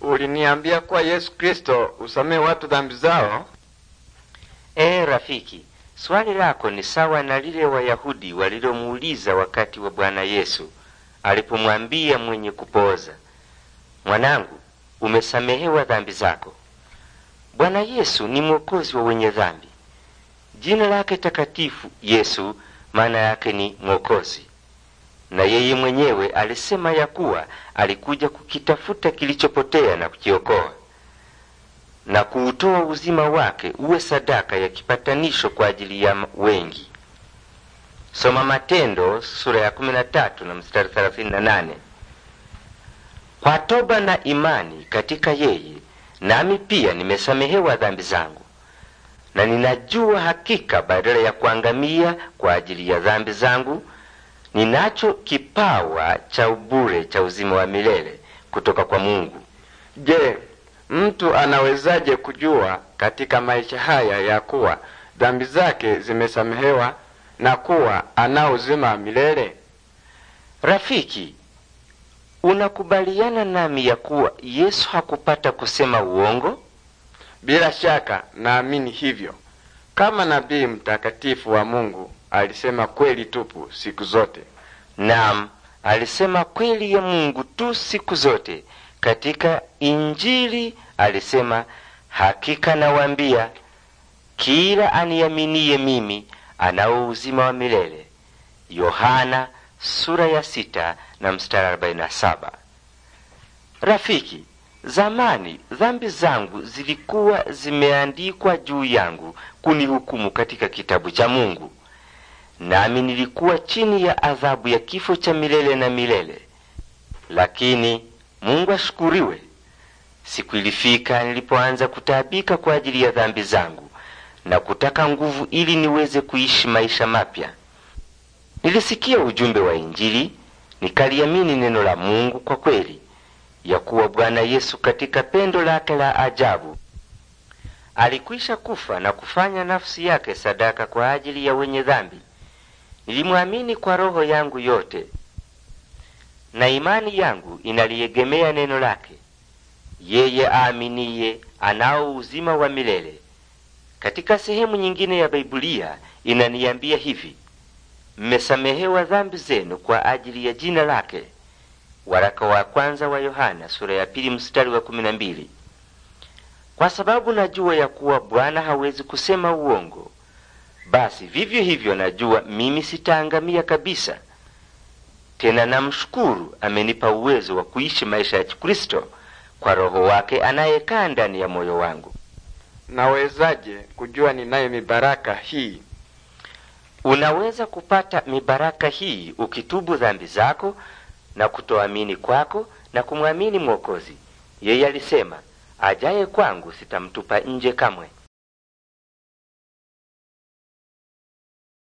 uliniambia kuwa Yesu Kristo usamehe watu dhambi zao. E rafiki, swali lako ni sawa na lile Wayahudi walilomuuliza wakati wa Bwana Yesu alipomwambia mwenye kupooza, mwanangu, umesamehewa dhambi zako. Bwana Yesu ni mwokozi wa wenye dhambi. Jina lake takatifu Yesu maana yake ni mwokozi na yeye mwenyewe alisema ya kuwa alikuja kukitafuta kilichopotea na kukiokoa na kuutoa uzima wake uwe sadaka ya kipatanisho kwa ajili ya wengi. Soma Matendo sura ya 13 na mstari 38. Kwa toba na imani katika yeye, nami pia nimesamehewa dhambi zangu, na ninajua hakika badala ya kuangamia kwa ajili ya dhambi zangu ninacho kipawa cha ubure cha uzima wa milele kutoka kwa Mungu. Je, mtu anawezaje kujua katika maisha haya ya kuwa dhambi zake zimesamehewa na kuwa ana uzima wa milele? Rafiki, unakubaliana nami ya kuwa Yesu hakupata kusema uongo? Bila shaka naamini hivyo. Kama nabii mtakatifu wa Mungu alisema kweli tupu siku zote. Naam, alisema kweli ya Mungu tu siku zote. Katika Injili alisema, hakika nawaambia, kila aniaminiye mimi anao uzima wa milele. Yohana sura ya sita na mstari arobaini na saba. Rafiki, Zamani dhambi zangu zilikuwa zimeandikwa juu yangu kunihukumu katika kitabu cha Mungu, nami nilikuwa chini ya adhabu ya kifo cha milele na milele. Lakini Mungu ashukuriwe, siku ilifika nilipoanza kutaabika kwa ajili ya dhambi zangu na kutaka nguvu ili niweze kuishi maisha mapya. Nilisikia ujumbe wa Injili, nikaliamini neno la Mungu kwa kweli ya kuwa Bwana Yesu katika pendo lake la ajabu alikwisha kufa na kufanya nafsi yake sadaka kwa ajili ya wenye dhambi. Nilimwamini kwa roho yangu yote, na imani yangu inaliegemea neno lake. Yeye aaminiye anao uzima wa milele. Katika sehemu nyingine ya Biblia inaniambia hivi: mmesamehewa dhambi zenu kwa ajili ya jina lake waraka wa kwanza wa Yohana sura ya pili mstari wa kumi na mbili kwa sababu najua ya kuwa Bwana hawezi kusema uongo, basi vivyo hivyo najua mimi sitaangamia kabisa. Tena namshukuru, amenipa uwezo wa kuishi maisha ya Kikristo kwa Roho wake anayekaa ndani ya moyo wangu. Nawezaje kujua ninayo mibaraka hii? Unaweza kupata mibaraka hii ukitubu dhambi zako na kutoamini kwako na kumwamini Mwokozi. Yeye alisema, ajaye kwangu sitamtupa nje kamwe.